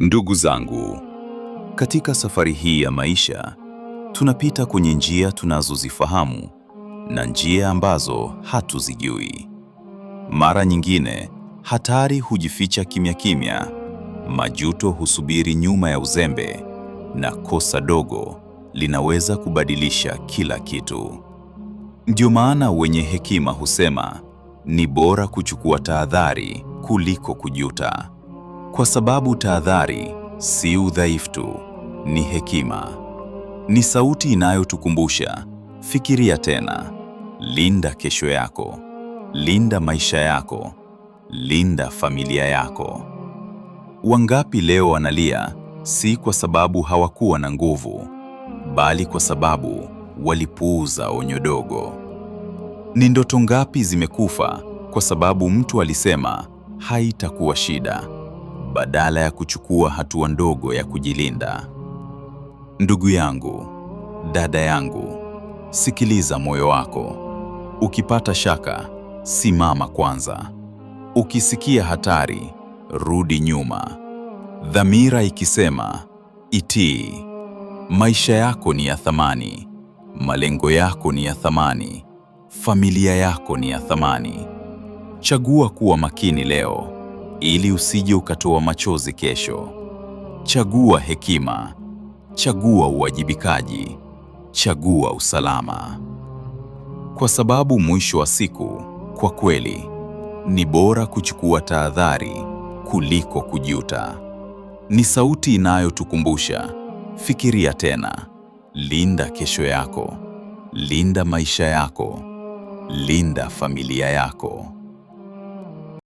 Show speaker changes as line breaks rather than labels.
Ndugu zangu, katika safari hii ya maisha tunapita kwenye njia tunazozifahamu na njia ambazo hatuzijui. Mara nyingine hatari hujificha kimya kimya, majuto husubiri nyuma ya uzembe, na kosa dogo linaweza kubadilisha kila kitu. Ndio maana wenye hekima husema ni bora kuchukua tahadhari kuliko kujuta kwa sababu tahadhari si udhaifu tu, ni hekima. Ni sauti inayotukumbusha fikiria tena, linda kesho yako, linda maisha yako, linda familia yako. Wangapi leo wanalia si kwa sababu hawakuwa na nguvu, bali kwa sababu walipuuza onyo dogo. Ni ndoto ngapi zimekufa kwa sababu mtu alisema haitakuwa shida badala ya kuchukua hatua ndogo ya kujilinda. Ndugu yangu, dada yangu, sikiliza moyo wako. Ukipata shaka, simama kwanza. Ukisikia hatari, rudi nyuma. Dhamira ikisema itii. Maisha yako ni ya thamani, malengo yako ni ya thamani, familia yako ni ya thamani. Chagua kuwa makini leo ili usije ukatoa machozi kesho. Chagua hekima, chagua uwajibikaji, chagua usalama, kwa sababu mwisho wa siku, kwa kweli, ni bora kuchukua tahadhari kuliko kujuta. Ni sauti inayotukumbusha fikiria tena, linda kesho yako, linda maisha yako, linda familia yako.